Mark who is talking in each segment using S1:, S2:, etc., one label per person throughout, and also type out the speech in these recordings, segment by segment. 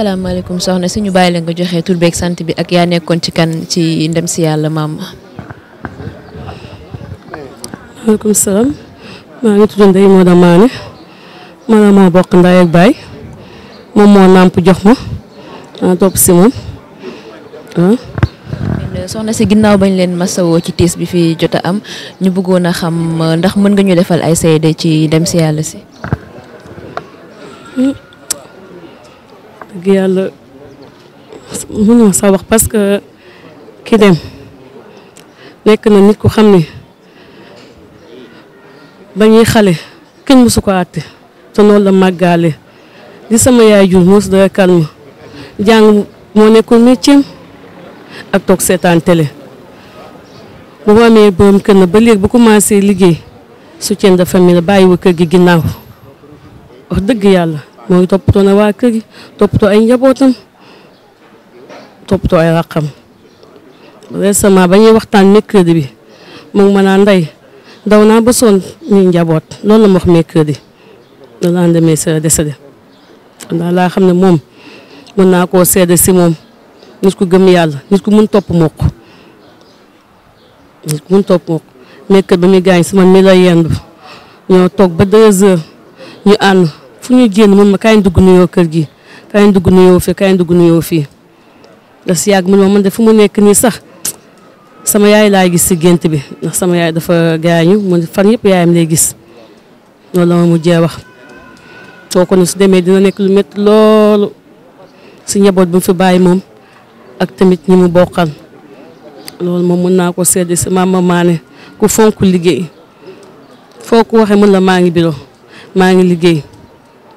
S1: asalaamaaleykum soxna si ñu bàyyi la nga joxe tur beeg sant bi ak yaa nekkoon ci kan ci ndem si yàlla maam.
S2: maaleykum salaam maa ngi tudd Ndeye Maodo Mané maanaam ma bokk ndaay ak baay moom moo nàmp jox ma maa topp si moom ah.
S1: soxna si ginnaaw bañ leen masawoo ci tiis bi fi jot a am ñu bëggoon a xam ndax mën nga ñu defal ay seede ci ndem si yàlla si.
S2: Hmm. dëgg yàlla mënuma sa wax parce que ki dem nekk na nit ku xam ne ba ñuy xale kenn mësu ko àtte te noonu la màggaale li sama yaay jur mos da calme jàng moo nekkoon métier ak toog seetaan télé bu ma amee boom kër na ba léegi bu commencé liggéey soutien de famille la bàyyiwu kër gi ginnaaw wax dëgg yàlla mooy too na waa kër gi toppatoo ay njabootam toppatoo ay raqam récemment ba ñuy waxtaan mercredi bi moom ma naa ndey daw naa basoon sonn ñuy njaboot loolu la ma wax mercredi le lendemain sera décédé kon laa xam ne moom mën naa koo seede si moom nit ku gëm yàlla nit ku topp mokk nit ku mun topp mokk mercredi ba muy gaañ si man mi yendu ñoo toog ba deux heures ñu fu ñuy génn mun ma kaay dugg nuyoo kër gi kaay dugg nuyoo fii kaay dugg nuyoo fii mun ma man de fu mu nekk nii sax sama yaay laa gis si gént bi ndax sama yaay dafa gaañu mu fan yëpp yaayam lay gis loolu la ma mujjee wax. kooku ne su demee dina nekk lu métti loolu si njaboot bi mu fi bàyyi moom ak tamit ñi mu bokkal loolu moom mun naa ko seede si maam maane ku fonk liggéey foo ko waxee mun la maa ngi biro maa ngi liggéey.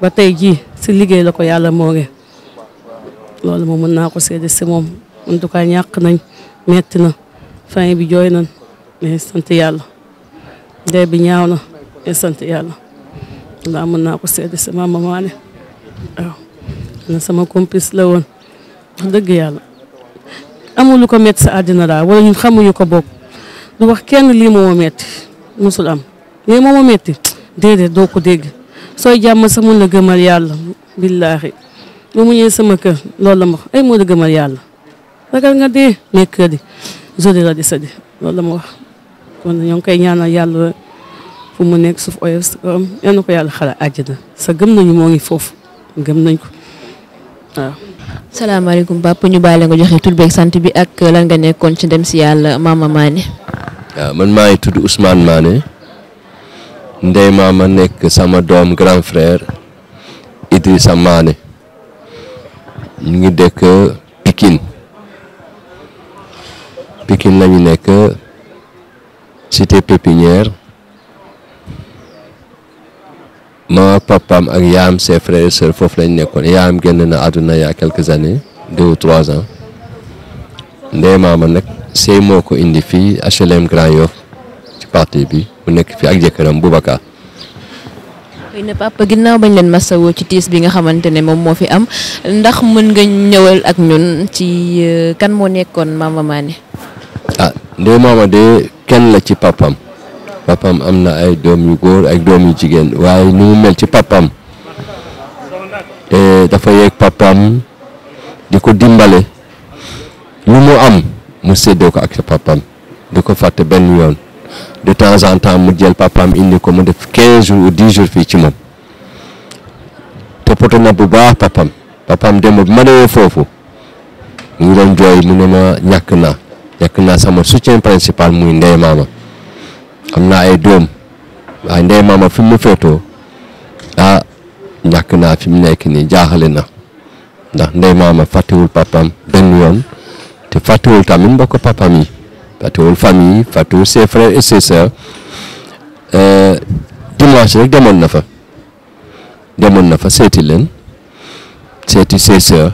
S2: ba tey jii si liggéey la ko yàlla mooge loolu moom mën naa ko seede si moom en tout cas ñàkk nañ metti na fin bi jooy nañ mais sant yàlla dee bi ñaaw na mais sant yàlla ndax mën naa ko seede si maama Maane waaw na sama complice la woon wax dëgg yàlla amul ko metti sa àddina daal wala ñun xamuñu ko bokk du wax kenn lii moo metti musul am lii metti déedéet doo ko dégg soo jàmm sa mun la gëmal yàlla billaahi mu ñëwee sama kër loolu la ma wax ay moo la gëmal yàlla ragal nga dee mercredi jeudi la di sadi loolu la ma wax kon ñoo ngi koy ñaanal yàlla fu mu nekk suuf yàlla xalaat àjjana sa gëm nañu moo ngi foofu gëm nañ ko waaw salaamaaleykum Pape
S1: ñu bàyyi la nga joxe tur beeg sant bi ak lan nga nekkoon ci dem si yàlla Mama Mané
S2: ah, man
S3: maa ngi tudd Ousmane Mané ndey maama nekk sama doom grand frère Idrissa Mané ñu ngi dëkk Pikine Pikine lañu nekk cité pépinière ma papam ak yaam ses frères et foofu lañu nekkoon yaam génn na àdduna yaa quelques années deux ou trois ans ndey maama nag sëy moo ko indi fii HLM Grand Yoff parti bi mu nekk fi ak jëkkëram bu baka
S1: na papa ginnaaw bañ leen masawoo ci tiis bi nga xamante ne moom moo fi am ndax mën nga ñëwal ak ñun ci euh, kan moo nekkoon Mama Mané.
S3: ah Ndeye Mama de kenn la ci papam papam am na ay doom yu góor ak doom yu jigéen waaye ni mu mel ci papam dafa yeeg papam di ko dimbale lu mu am mu séddoo ko ak sa papam di ko fàtte benn yoon. de temps en temps mu jël papaam indi ko mu def 15 jours ou 10 jours fii ci moom toppatoo na bu baax papaam papaam dem bu ma demee foofu mu ngi doon mu ne ma ñàkk naa ñàkk naa sama soutien principal muy ndey maama am naa ay doom waaye ndey maama fi mu féetoo ah ñàkk naa fi mu nekk nii jaaxale na ndax ndey maama fàttewul papaam benn yoon te fàttewul tamit mbokk papaam yi. fàttewul famille fàttewul ses frères e ses sœurs euh, dimanche rek demoon na fa demoon na fa seeti leen seeti c sœurs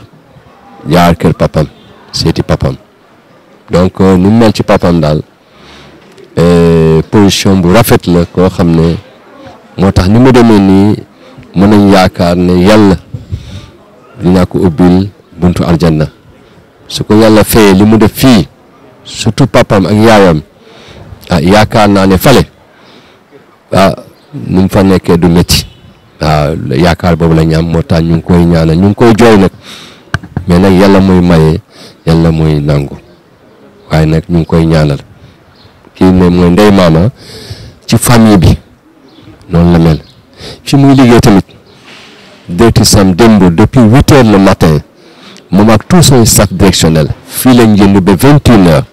S3: yaar kër papam seeti papam donc euh, nu mu mel ci papam daal euh, position bu rafet la koo xam ne moo tax ni mu demee nii mën nañ yaakaar ne yàlla dina ko ubbil buntu arjanna su ko yàlla fayee li mu def fii surtout papam ak yaayam ah yaakaar naa ne fale ah nu mu fa nekkee du metti waaw ah, yaakaar boobu la ñu moo tax ñu ngi koy ñaanal ñu ngi koy jooy nag mais nag yàlla muy maye yàlla muy nangu waaye nag ñu ngi koy ñaanal kii moom mooy ndey maama ci famille bi noonu la mel fi muy liggéey tamit dirti sam démb depuis huit heures le matin moom ak tout son staff directionnel fii lañ jënd ba vingt une heures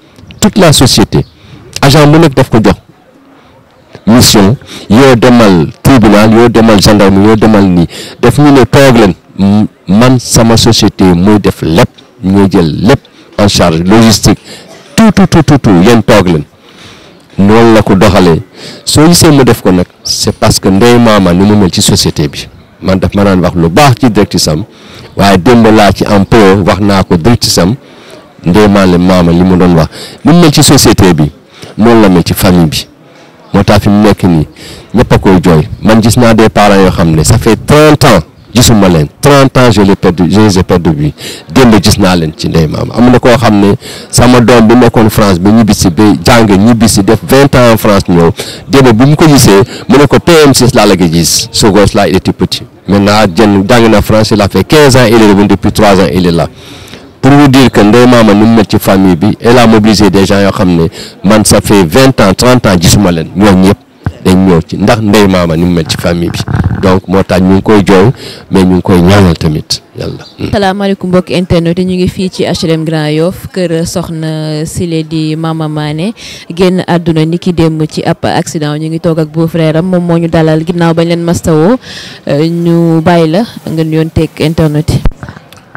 S3: toute la société agent bu nekk daf ko jox mission yoo demal tribunal yoo demal gendarme yoo demal nii daf ñu ne toog leen man sama société mooy def lépp ñooy jël lépp en charge logistique tout tout tout tout tout leen noonu la ko doxalee soo gisee mu def ko nag c'est parce que ndey maama ni mu mel ci société bi man daf ma naan wax lu baax ci directrice am waaye démb laa ci emploi wax naa ko directrice am ndeymaale maama li mu doon wax ni mu mel ci société bi noonu la mel ci famille bi moo tax fi mu nekk nii ñëpp a koy jooy man gis naa des parents yoo xam ne ça fait trente ans gisuma leen trente ans je les perdu je les ai perdu bi démb gis naa leen ci ndey maama am na koo xam ne sama doom bi nekkoon France ba ñibbisi ba jàng ñibbisi def vingt ans en France ñëw démb bu mu ko gisee mu ne ko PM6 laa la ko gis ce gosse là il était petit maintenant jën jàng na France il a fait quinze ans il la revenu depuis trois ans pour vous dire que Ndeye Maama nu mu mel ci famille bi elle a mobilisé des gens yoo xam ne man sa fait vingt ans trente ans gisuma leen ñooñu yëpp dañ ñëw ci ndax Ndeye Maama ni mu mel ci famille bi donc moo tax ñu ngi koy jooy mais ñu ngi koy ñaanal tamit yàlla. Hmm.
S1: salaamaaleykum mbokki internet ñu ngi fii ci HLM Grand yof kër soxna Sile di Mama Mané génn àdduna ni ki démb ci ab accident ñu ngi toog ak beau-frère moom moo ñu dalal ginnaaw bañ leen mastawoo euh, ñu bàyyi la nga nuyoon teg internet yi.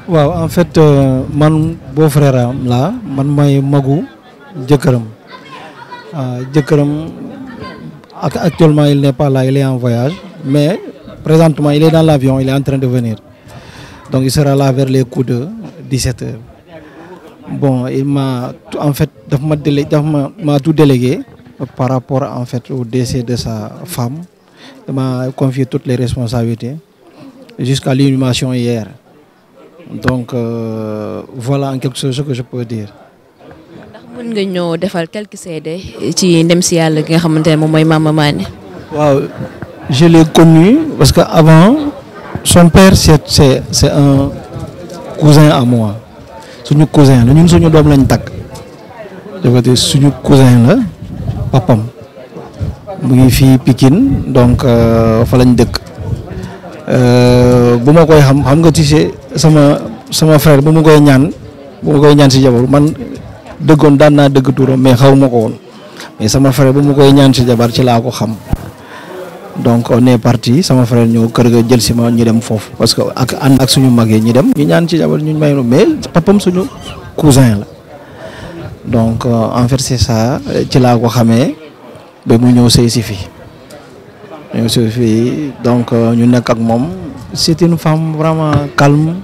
S1: waaw en fait euh, man
S4: boo frère am laa man may magu jëkkëram euh, jëkkëram ak actuellement il n'est pas là il est en voyage mais présentement il est dans l'avion il est en train de venir donc il sera là vers les coups de 17 heures bon il m'a en fait daf ma délé daf ma m'a tout délégué par rapport en fait au décès de sa femme il m'a confié toutes les responsabilités jusqu'à l'inhumation hier donc euh, voilà en quelque chose ce que je peux dire.
S1: ci ndem si yàlla ki nga xamante ne moom mooy Mama Mané. waaw
S4: je l'ai connu parce que avant son père c'est c'est c'est un cousin à moi suñu cousin la ñun suñu doom lañu takk je veux suñu cousin la papam mu ngi fii Pikine donc euh, fa lañ dëkk Euh, bu ma koy xam xam nga Tissé sama sama frère bu ma koy ñaan bu ma koy ñaan si jabar man dëggoon daan naa dëgg turam mais xaw ma ko woon mais sama frère bu ma koy ñaan si jabar ci laa ko xam donc ne est parti sama frère ñëw kër ga jël si ma ñu dem foofu parce que ak ànd ak suñu mag yi ñu dem ñu ñaan ci jabar ñu may mais papam suñu cousin la donc euh, en fait c'est ci laa ko xamee ba mu ñëw sëy si fii ñëw si fii donc euh, ñu nekk ak moom c'est une femme vraiment calme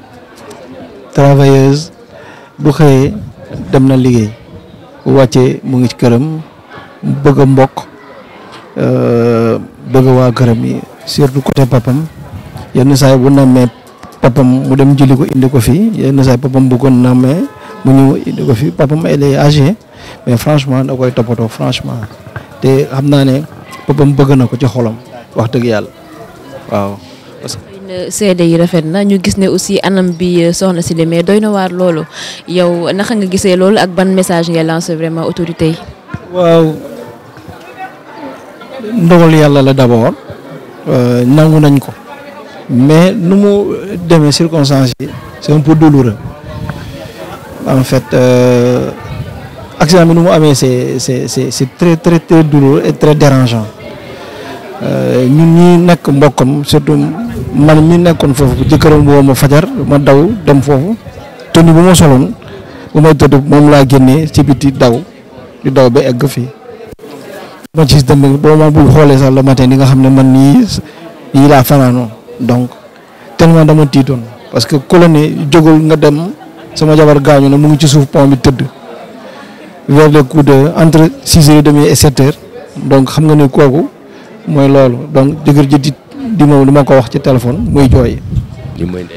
S4: travailleuse bu xëyee dem na liggéey bu wàccee mu ngi ci këram bëgg a mbokk euh, bëgg waa këram yi surtout côté papam yenn saay bu nammee papam mu dem jëli ko indi ko fii yenn saay papam bu ko nammee mu ñëw indi ko fii papam elle est âgée mais franchement da koy toppatoo franchement te xam naa ne papam bëgg na ko ci xolam wax dëgg yàlla waaw.
S1: seede yi rafet na ñu gis ne aussi anam bi euh, soxna si demee doy na waar loolu yow naka nga gisee loolu ak ban message ngay lancé vraiment autorité yi. waaw
S4: ndogal yàlla la d'abord euh, nangu nañ ko mais nu mu demee circonstances yi c'est un peu douloureux en fait euh, accident bi nu mu amee c'est c'est c'est très très très douloureux et très dérangeant. Euh, ñun ñi nekk mbokkam surtout man mi nekkoon foofu jëkkëram woo ma fajar ma daw dem foofu tënnu bu ma soloon bu may tëdd moom laa génnee ci biti daw di daw ba egg fii. ma ci dem boo ma bul xoolee sax le matin di nga xam ne man nii yii laa fanaanoo donc tellement dama tiitoon parce que ku la jógul nga dem sama jabar gaañu na mu ngi ci suuf pont bi tëdd vers les coups de entre six deme et donc xam nga ne kooku. mooy loolu donc jëkkër ji di di moom du ma ko wax ci téléphone
S3: muy jooy.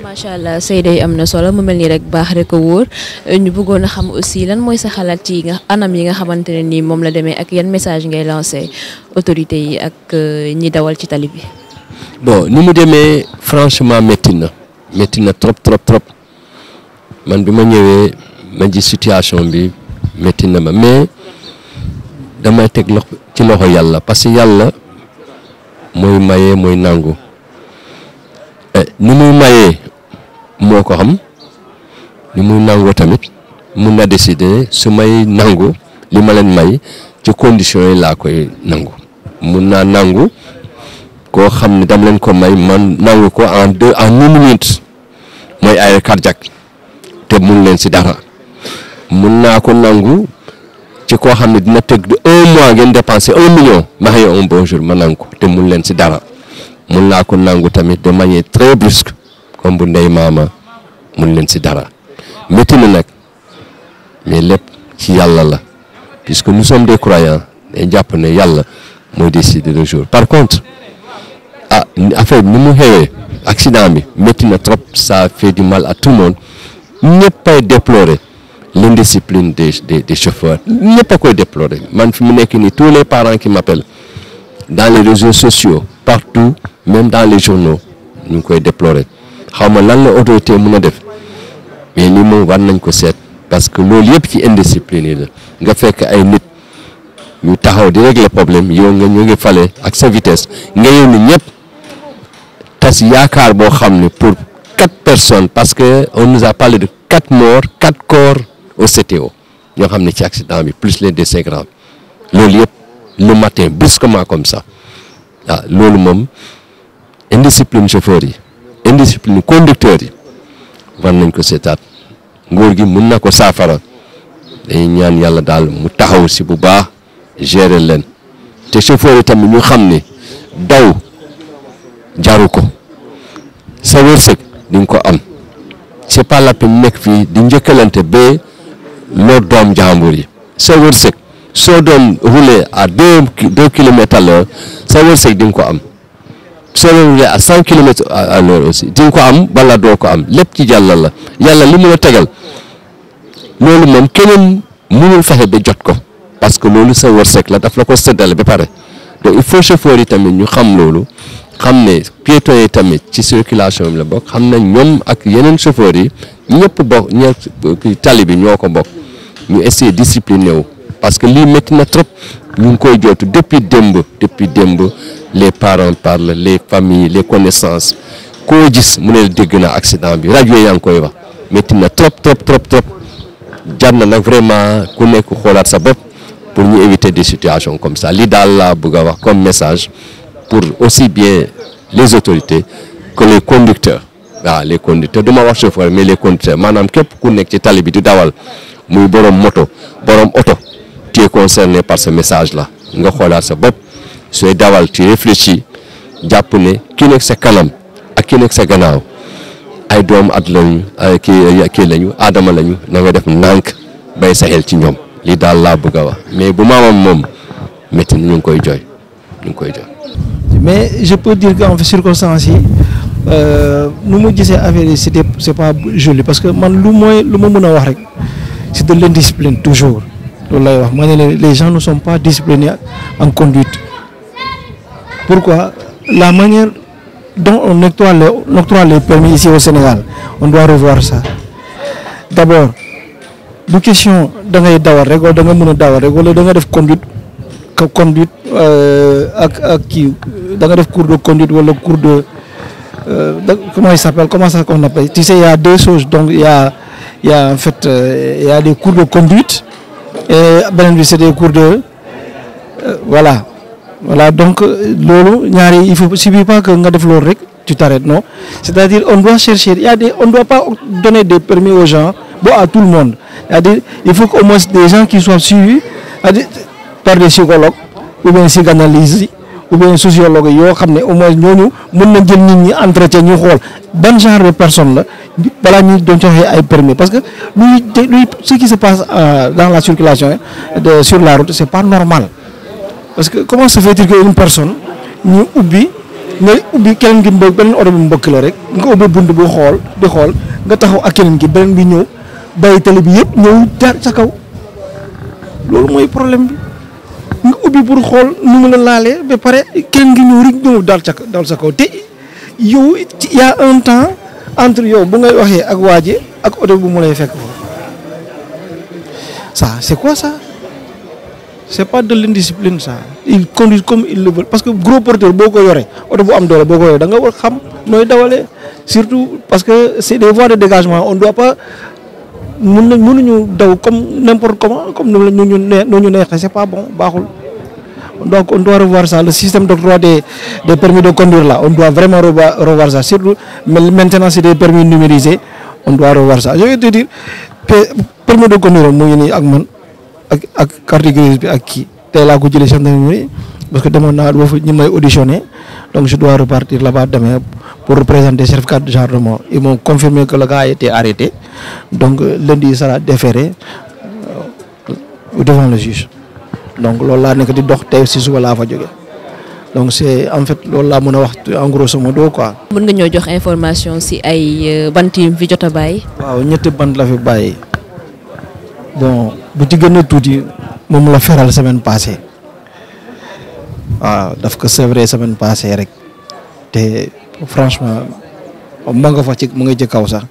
S1: macha allah seyde Seyday am na solo mu mel nii rek baax rek a wóor euh, ñu bëggoon a xam aussi lan mooy sa xalaat ci nga anam yi nga xamante ne nii moom la demee ak yan message ngay lancé autorités yi ak euh, ñi dawal ci tali bi.
S3: bon ni mu demee franchement métti na métti na trop trop trop man bi ma ñëwee ma ji situation bi métti na ma mais damay teg loxo ci loxo yàlla parce que yàlla. mooy maye mooy nangu eh, ni muy mayee moo ko xam ni muy nangoo tamit mun na décider su may nangu li ma leen may ci conditions yi laa koy nangu mun naa nangu koo xam ne dama leen ko may man nangu ko en deux en une minute mooy arrêt cardiaque te mun leen si dara mun naa ko nangu ci koo xam ne dina teg de un mois ngeen dépensé un million ma xëy un bon jour ma nangu ko te mun leen si dara mun naa ko nangu tamit de manière très brusque comme bu maama mun leen si dara métti na nag mais lépp ci yàlla la puisque nous sommes des croyants day ne yàlla mooy décider le jour par contre ah affaire bi ni mu accident bi métti na trop ça fait du mal à tout le monde ñëpp ay déplorer l'indiscipline des des des chauffeurs ñëpp a koy déplorer man fi mu nekk ni tous les parents qui m'appellent dans les réseaux sociaux partout même dans les journaux ñu ngi koy déplorer xaw ma lan la autorité mën a def mais li moom nañ ko seet parce que loolu yëpp ci indiscipline yi la nga fekk ay nit ñu taxaw di régler problème yow nga ñu ngi fale ak sa vitesse nga yow ni ñëpp tas yaakaar boo xam ne pour quatre personnes parce que on nous a parlé de quatre morts quatre corps OCTO ñoo xam ne ci accident bi plus les décès graves loolu yëpp le matin brusquement comme ça loolu moom indiscipline chauffeur yi indiscipline conducteur yi war nañ ko seetaat nguur gi mun na ko saafara day ñaan yàlla daal mu taxaw si bu baax gérer leen te chauffeur yi tamit ñu xam ni daw jaru ko sa wërsëg di nga ko am c'est pas la peine nekk fii di njëkkalante ba lor doom jàmbur yi sa wërsëg soo doon rouler à deux deux kilomètres à l'heure sa wërsëg di ko am soo doon rouler à aussi di ko am wala doo ko am lépp ci jàllal la yàlla li mu la tegal loolu moom keneen mënul fexe ba jot ko parce que loolu sa wërsëg la daf la ko séddale ba pare donc il faut chauffeur yi tamit ñu xam loolu xam ne piéton yi tamit ci circulation bi la bokk xam na ñoom ak yeneen chauffeur yi ñëpp bokk tali bi ñoo ko bokk ñu essayer discipliné wu parce que lii métti na trop ñu ngi koy jooytu depuis démb depuis démb les parents parlent les familles les connaissances koo gis mu ne dégg na accident bi rajo yaa ngi koy wax métti na trop trop trop trop jar na nag vraiment ku nekk xoolaat sa bopp pour ñu éviter des situations comme ça lii daal laa bëgg a wax comme message pour aussi bien les autorités que les conducteurs waaw ah, les conducteurs du ma wax chauffeur mais les conducteurs maanaam képp ku nekk ci tali bi di dawal muy borom moto boroom oto tu es concerné par ce message la nga xoolaat sa bopp sooy dawal tu réfléchis jàpp ne ki nekk sa kanam ak ki nekk sa ganaaw ay doomu at lañu ay kii kii lañu aadama lañu na nga def nànk bay sa xel ci ñoom lii daal laa bëgg a wax mais bu maamam moom métti ñu ngi koy jooy ñu ngi koy jooy.
S4: mais je peux dire que en circonstance yi. Euh, nu mu gisee affaire yi c' était pas joli parce que man lu mooy lu ma mën a wax rek c' est de l' toujours loolu lay wax ma ne les gens ne sont pas disciplinés en conduite pourquoi la manière dont on octroie les, on octroie les permis ici au Sénégal on doit revoir ça d' abord du question dangay ngay dawal rek wala da nga a dawal rek wala danga nga def conduite conduite euh, ak ak kii danga def cours de conduite wala cours de. euh, comment il s'appelle, comment ça qu'on appelle Tu sais, il a deux choses. Donc, il a, en fait, euh, a des cours de conduite et ben, c'est des cours de, euh, voilà, voilà. Donc, euh, lolo, il faut suffit pas que tu t'arrêtes, non C'est-à-dire, on doit chercher. Il a des, on doit pas donner des permis aux gens, bon à tout le monde. i il faut qu'au moins des gens qui soient suivis par des psychologues ou bien psychanalystes ou sociologue yoo xam ne au moins ñooñu mën na jël nit ñi entretien ñu xool ban genre de personne la balaa ñuy doon joxe ay permis parce que luy luy ce qui se passe euh, dans la circulation de sur la route c' pas normal parce que comment se fait une personne ñu ubbi nga ubbi keneen gi mbëkk beneen oto bi mbëkk la rek nga ubbi bunt bu xool di xool nga taxaw ak keneen gi beneen bi ñëw bàyyi tali bi yëpp ñëw jaar sa kaw loolu mooy problème nga ubbi pour xool nu mu la laalee ba pare kenn ngi ñëw rek ñëw dal sa kaw te yow a un temps entre yow bu ngay waxee ak waa ji ak oto bu mu lay fekk foofu ça c'est quoi ça c'est pas de l'indiscipline ça ils conduisent comme ils le parce que gros porteur boo ko yoree oto bu am doole boo ko yoree da nga war xam nooy dawalee surtout parce que c'est des voies de dégagement on doit pas mun nañ mënuñu daw comme n'importe comment comme nu ñu nee nu ñu neexee c'est pas bon baaxul donc on doit revoir ça le système d'octroi des des permis de conduire là on doit vraiment revoir ça surtout maintenant des permis numérisés on doit revoir ça je vais te dire permis de conduire mu ngi ak man ak ak carte grise bi ak kii tey laa ko jëlee gendarmerie parce que demoon naa boo fa ñu may auditionné donc je dois repartir là-bas demain pour présenter certificat de gendarmerie. Ils m'ont confirmé que le gars a été arrêté. Donc lundi, il sera déféré euh, devant le juge. Donc loolu laa nekk di dox tey si suba laa fa jóge donc c'est en fait loolu laa mën a wax en grosso modo quoi.
S1: mën nga ñoo jox information si ay euh, bant yi fi jot a bàyyi.
S4: waaw ñetti bant la fi bàyyi bon bu ci gën a tuuti moom la feral semaine passée waaw daf ko c'est semaine passée rek franchement ma nga fa ci mu nga ci kaw sax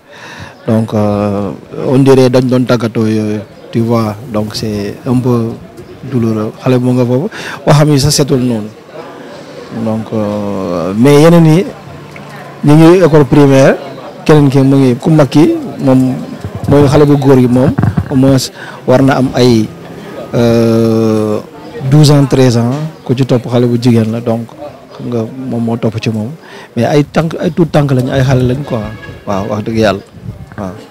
S4: donc euh, on dirait dañ doon tàggatoo yooyu donc c'est un peu douloureux xale bi mu nga foofu waxam yi sax setul noonu donc euh, mais yeneen yi ñu ngi école primaire keneen ki mu ngi ku mag ki moom mooy xale bu góor gi moom au moins war na am ay euh, douze ans treize ans ku ci topp xale bu jigéen la donc xam nga moom moo topp ci moom mais ay tànk ay tuut tànk lañ ay xale lañ quoi waaw wax dëgg yàlla waaw